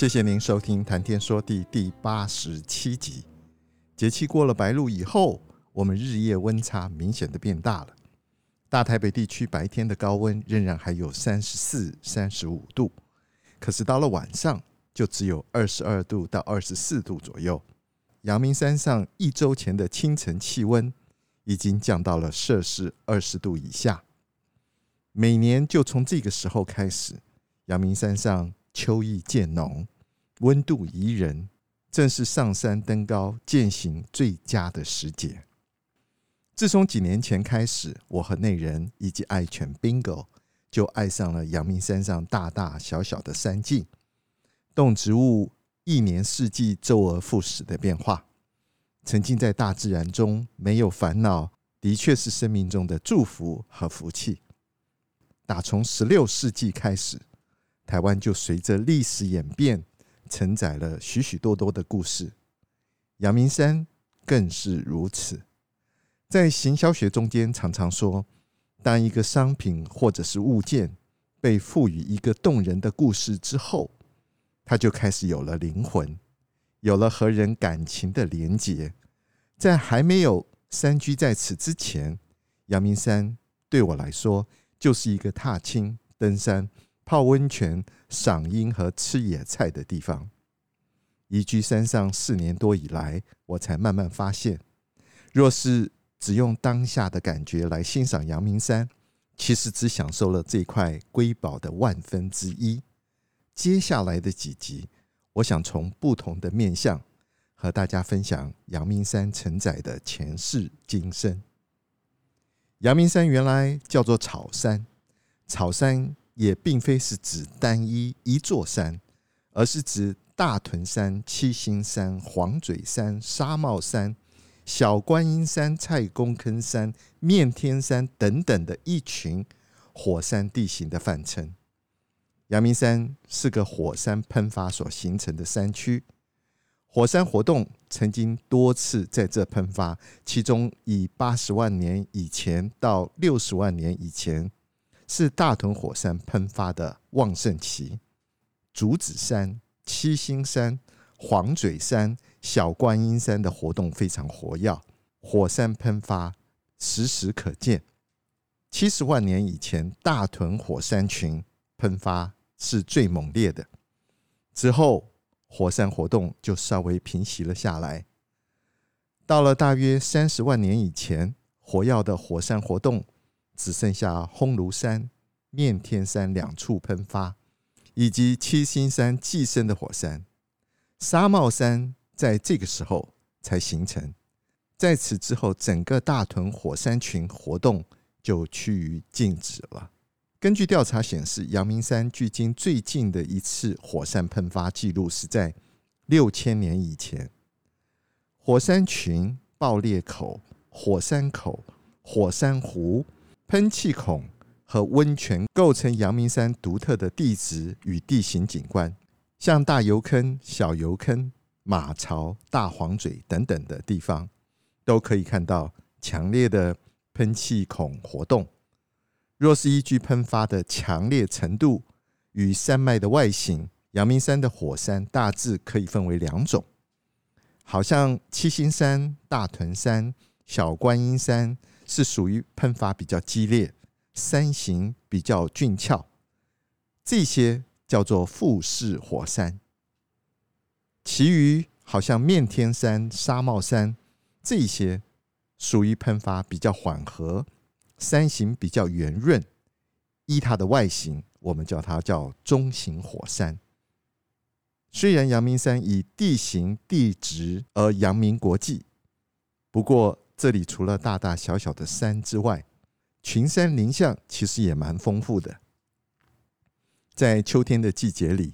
謝謝您收聽《談天說地》第八十七集。節氣過了白露以後，我們日夜溫差明顯的變大了。大台北地區白天的高溫仍然還有三十四、三十五度，可是到了晚上就只有二十二度到二十四度左右。陽明山上一周前的清晨氣溫已經降到了攝氏二十度以下。每年就從這個時候開始，陽明山上。秋意漸濃，溫度宜人，正是上山登高、健行最佳的時節。自從幾年前開始，我和內人以及愛犬 Bingo 就愛上了陽明山上大大小小的山徑、動植物一年四季周而復始的變化。沉浸在大自然中，沒有煩惱，的確是生命中的祝福和福氣。打從十六世紀開始。台灣就隨着歷史演變，承載了許許多多的故事。陽明山更是如此。在行銷學中間，常常說，當一個商品或者是物件被賦予一個動人的故事之後，它就開始有了靈魂，有了和人感情的連結。在還沒有山居在此之前，陽明山對我來說就是一個踏青登山，泡溫泉、賞櫻和吃野菜的地方。移居山上四年多以來，我才慢慢發現，若是只用當下的感覺來欣賞陽明山，其實只享受了這塊瑰寶的萬分之一。接下來的幾集，我想從不同的面向和大家分享陽明山承載的前世今生。陽明山原來叫做草山，草山。也並非是指單一一座山，而是指大屯山、七星山、黃嘴山、紗帽山、小觀音山、菜公坑山、面天山等等的一群火山地形的泛稱。陽明山是個火山噴發所形成的山區，火山活動曾經多次在這噴發，其中以八十萬年以前到六十萬年以前。是大屯火山噴發的旺盛期，竹子山、七星山、磺嘴山、小觀音山的活動非常活躍，火山噴發時時可見。七十萬年以前，大屯火山群噴發是最猛烈的，之後火山活動就稍微平息了下來。到了大約三十萬年以前，活躍的火山活動。只剩下烘爐山、面天山兩處噴發，以及七星山寄生的火山。紗帽山在這個時候才形成。在此之後，整個大屯火山群活動就趨於靜止了。根據調查顯示，陽明山距今最近的一次火山噴發記錄是在六千年以前。火山群、爆裂口、火山口、火山湖。噴氣孔和溫泉構成陽明山獨特的地質與地形景觀，像大油坑、小油坑、馬槽、大磺嘴等等的地方，都可以看到強烈的噴氣孔活動。若是依據噴發的強烈程度與山脈的外形，陽明山的火山大致可以分為兩種，好像七星山、大屯山、小觀音山，是屬於噴發比較激烈，山形比較俊俏，這些叫做複式火山。其餘好像面天山、紗帽山這些，屬於噴發比較緩和，山形比較圓潤。依它的外形，我們叫它叫鐘狀火山。雖然陽明山以地形地質而揚名國際，不過。這裡除了大大小小的山之外，群山林相其實也蠻豐富的。在秋天的季節裡，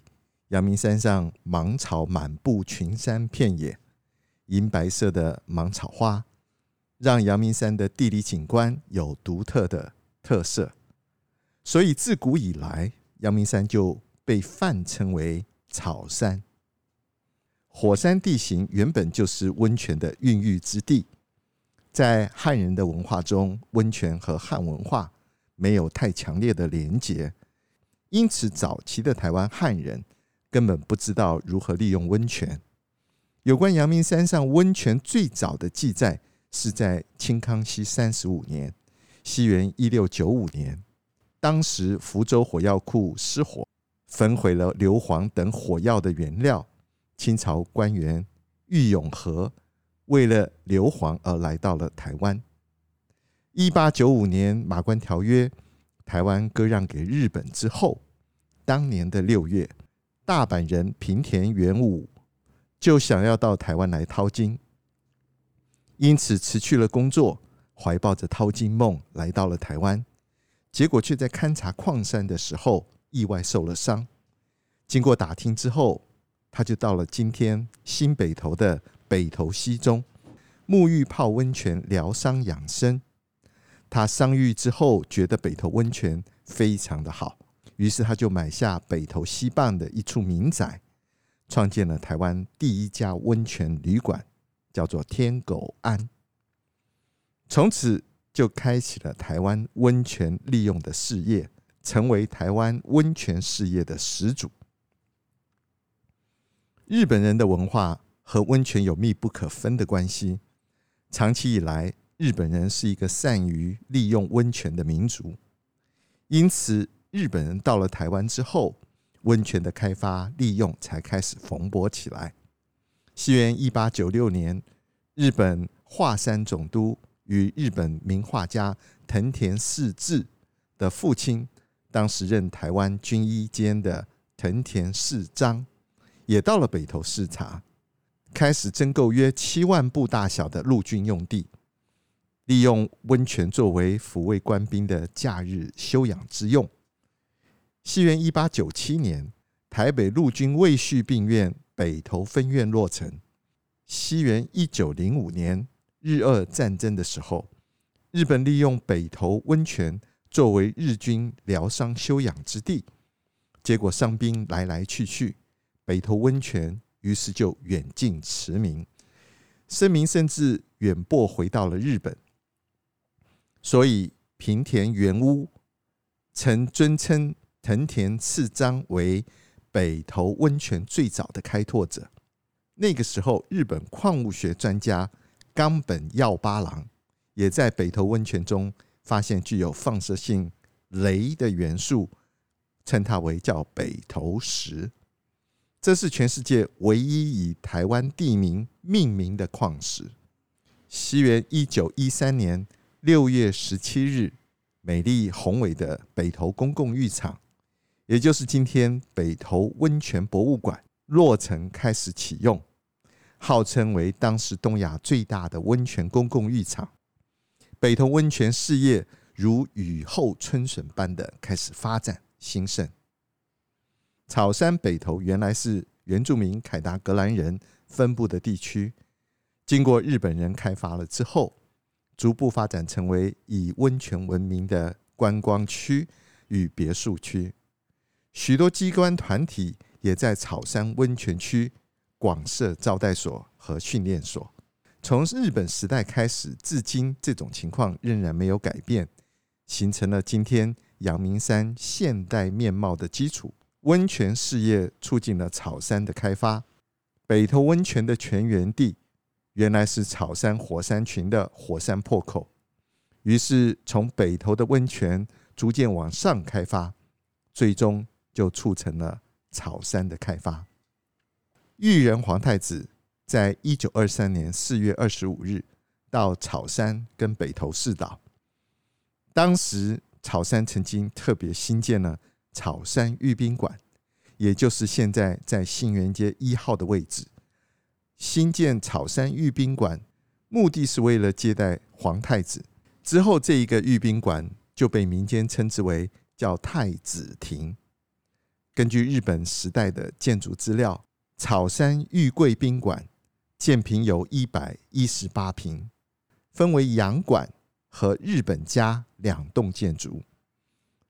陽明山上芒草滿布群山遍野，銀白色的芒草花讓陽明山的地理景觀有獨特的特色。所以自古以來，陽明山就被泛稱為草山。火山地形原本就是溫泉的孕育之地。在漢人的文化中，溫泉和漢文化沒有太強烈的連結，因此早期的台灣漢人根本不知道如何利用溫泉。有關陽明山上溫泉最早的記載是在清康熙三十五年（西元一六九五年），當時福州火藥庫失火，焚毀了硫磺等火藥的原料。清朝官員郁永河。為了硫磺而來到了台灣。一八九五年《馬關條約》，台灣割讓給日本之後，當年的六月，大阪人平田元武就想要到台灣來淘金，因此辭去了工作，懷抱着淘金夢來到了台灣。結果卻在勘察礦山的時候意外受了傷。經過打聽之後，他就到了今天新北投的。北投溪中沐浴泡溫泉療傷養生，他傷癒之後覺得北投溫泉非常的好，於是他就買下北投溪畔的一處民宅，創建了台灣第一家溫泉旅館，叫做天狗庵。從此就開啟了台灣溫泉利用的事業，成為台灣溫泉事業的始祖。日本人的文化和溫泉有密不可分的關係。長期以來，日本人是一個善於利用溫泉的民族，因此日本人到了台灣之後，溫泉的開發利用才開始蓬勃起來。西元一八九六年，日本樺山總督與日本名畫家藤田嗣治的父親，當時任台灣軍醫監的藤田嗣章，也到了北投視察。開始徵購約七萬步大小的陸軍用地，利用溫泉作為撫慰官兵的假日休養之用。西元一八九七年，台北陸軍衛戍病院北投分院落成。西元一九零五年，日俄戰爭的時候，日本利用北投溫泉作為日軍療傷休養之地，結果傷兵來來去去，北投溫泉。於是就遠近馳名，聲名甚至遠播回到了日本。所以平田原屋曾尊稱藤田次章為北投溫泉最早的開拓者。那個時候，日本礦物學專家岡本要八郎也在北投溫泉中發現具有放射性鐳的元素，稱它為叫北投石。這是全世界唯一以台灣地名命名的礦石。西元一九一三年六月十七日，美麗宏偉的北投公共浴場，也就是今天北投溫泉博物館落成，開始啟用，號稱為當時東亞最大的溫泉公共浴場。北投溫泉事業如雨後春筍般的開始發展，興盛。草山北投原來是原住民凱達格蘭人分布的地區，經過日本人開發了之後，逐步發展成為以溫泉聞名的觀光區與別墅區。許多機關團體也在草山溫泉區廣設招待所和訓練所。從日本時代開始，至今這種情況仍然沒有改變，形成了今天陽明山現代面貌的基礎。溫泉事業促進了草山的開發。北投溫泉的泉源地原來是草山火山群的火山破口，於是從北投的溫泉逐漸往上開發，最終就促成了草山的開發。裕仁皇太子在一九二三年四月二十五日到草山跟北投四島，當時草山曾經特別興建了。草山御賓館，也就是現在在新園街一號的位置，新建草山御賓館，目的是為了接待皇太子。之後，這一個御賓館就被民間稱之為叫太子亭。根據日本時代的建築資料，草山御貴賓館建坪有一百一十八坪，分為洋館和日本家兩棟建築。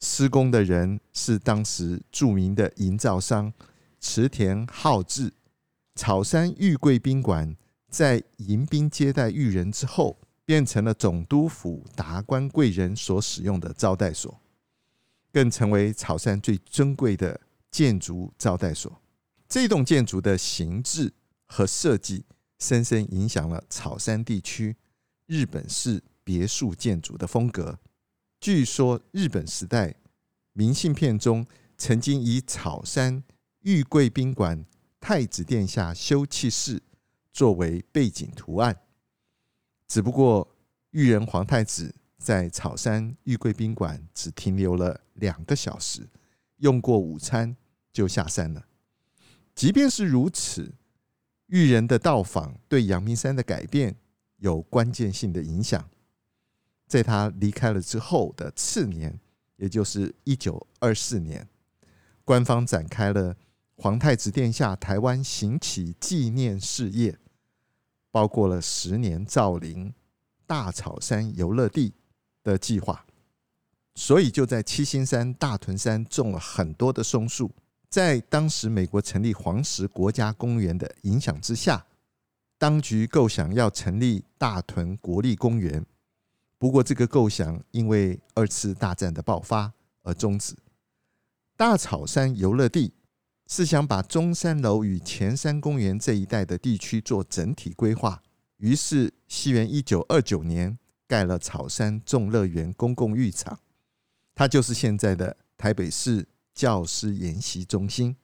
施工的人是當時著名的營造商池田浩志。草山御貴賓舘在迎賓接待裕仁之後，變成了總督府達官貴人所使用的招待所，更成為草山最尊貴的建築招待所。這棟建築的形制和設計，深深影響了草山地區日本式別墅建築的風格。據說，日本時代明信片中曾經以草山御貴賓館太子殿下休憩室作為背景圖案。只不過，裕仁皇太子在草山御貴賓館只停留了兩個小時，用過午餐就下山了。即便是如此，裕仁的到訪對陽明山的改變有關鍵性的影響。在他離開了之後的次年，也就是一九二四年，官方展開了皇太子殿下台灣行啟紀念事業，包括了十年造林、大草山遊樂地的計劃。所以就在七星山、大屯山種了很多的松樹。在當時美國成立黃石國家公園的影響之下，當局構想要成立大屯國立公園。不過，這個構想因為二次大戰的爆發而終止。大草山遊樂地是想把中山樓與前山公園這一帶的地區做整體規劃，於是西元一九二九年蓋了草山眾樂園公共浴場，它就是現在的台北市教師研習中心。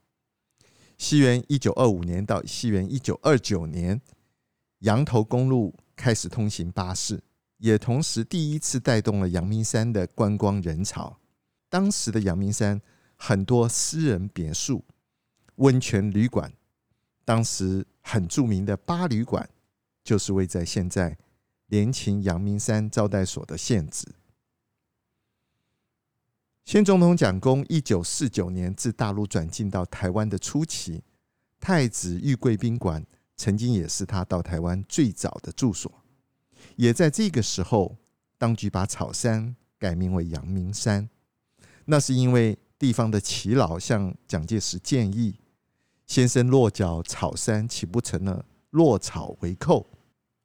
西元一九二五年到西元一九二九年，陽頭公路開始通行巴士。也同時第一次帶動了陽明山的觀光人潮。當時的陽明山很多私人別墅、溫泉旅館，當時很著名的八旅館，就是位在現在聯勤陽明山招待所的現址。先總統蔣公一九四九年自大陸轉進到台灣的初期，太子御貴賓館曾經也是他到台灣最早的住所。也在這個時候，當局把草山改名為陽明山。那是因為地方的耆老向蔣介石建議：“先生落腳草山，豈不成了落草為寇？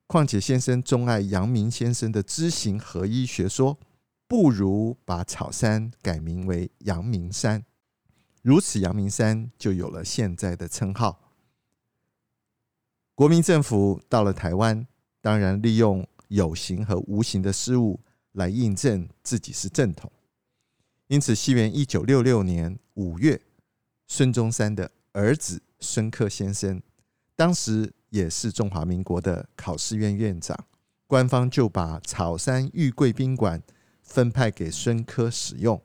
況且先生鍾愛陽明先生的知行合一學說，不如把草山改名為陽明山。如此，陽明山就有了現在的稱號。國民政府到了台灣。”當然，利用有形和無形的事物來印證自己是正統。因此，西元一九六六年五月，孫中山的兒子孫科先生，當時也是中華民國的考試院院長，官方就把草山御貴賓館分派給孫科使用，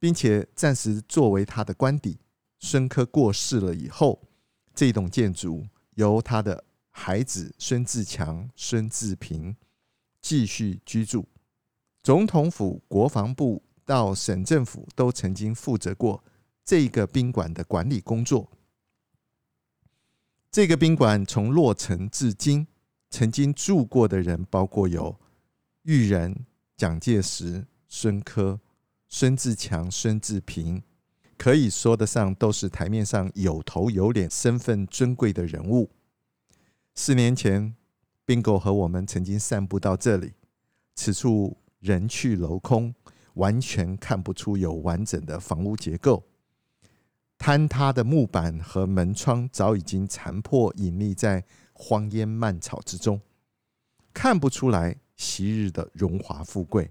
並且暫時作為他的官邸。孫科過世了以後，這棟建築由他的。孩子孫志強、孫志平繼續居住。總統府、國防部到省政府都曾經負責過這個賓館的管理工作。這個賓館從落成至今，曾經住過的人包括有裕仁、蔣介石、孫科、孫志強、孫志平，可以說得上都是台面上有頭有臉、身份尊貴的人物。四年前，Bingo 和我們曾經散步到這裡，此處人去樓空，完全看不出有完整的房屋結構。坍塌的木板和門窗早已經殘破，隱匿在荒煙蔓草之中，看不出來昔日的榮華富貴。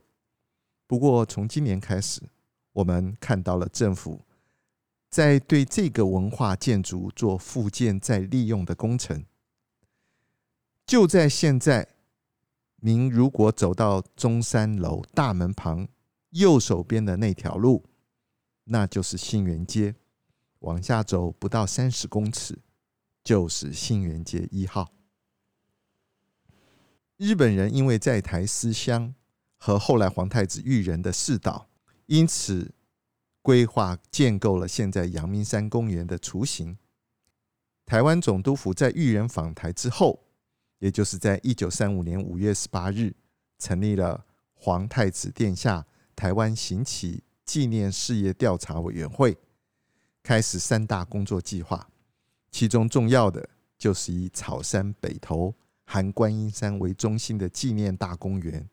不過，從今年開始，我們看到了政府在對這個文化建築做復建再利用的工程。就在現在，您如果走到中山樓大門旁右手邊的那條路，那就是新園街。往下走不到三十公尺，就是新園街一號。日本人因為在台思鄉，和後來皇太子裕仁的視導，因此規劃建構了現在陽明山公園的雛形。台灣總督府在裕仁訪台之後。也就是在一九三五年五月十八日，成立了皇太子殿下台灣行啟紀念事業調查委員會，開始三大工作計劃，其中重要的就是以草山、北投、含觀音山為中心的紀念大公園。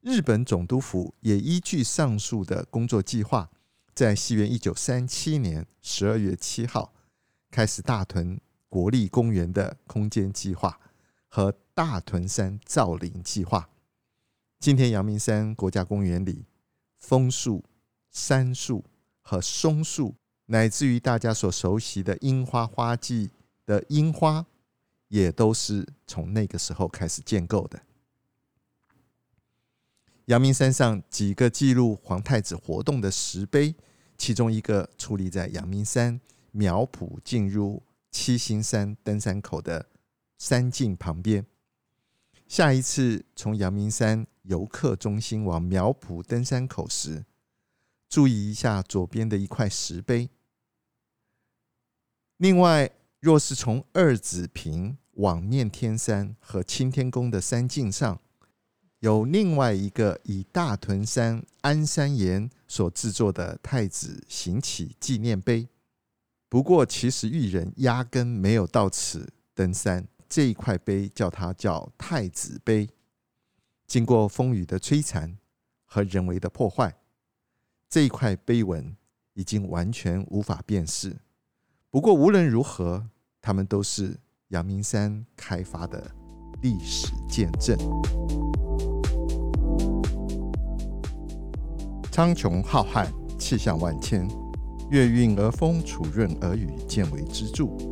日本總督府也依據上述的工作計劃，在西元一九三七年十二月七號，開始大屯國立公園的空間計劃。和大屯山造林計劃，今天陽明山國家公園裡楓樹、杉樹和松樹，乃至於大家所熟悉的櫻花花季的櫻花，也都是從那個時候開始建構的。陽明山上幾個記錄皇太子活動的石碑，其中一個矗立在陽明山苗圃，進入七星山登山口的。山徑旁邊，下一次從陽明山遊客中心往苗圃登山口時，注意一下左邊的一塊石碑。另外，若是從二子坪往念天山和清天宮的山徑上，有另外一個以大屯山安山岩所制作的太子行啓紀念碑。不過，其實裕仁壓根沒有到此登山。這一塊碑叫它叫太子碑，經過風雨的摧殘和人為的破壞，這一塊碑文已經完全無法辨識。不過無論如何，它們都是陽明山開發的歷史見證。蒼穹浩瀚，氣象萬千，月暈而風，礎潤而雨，見微知著。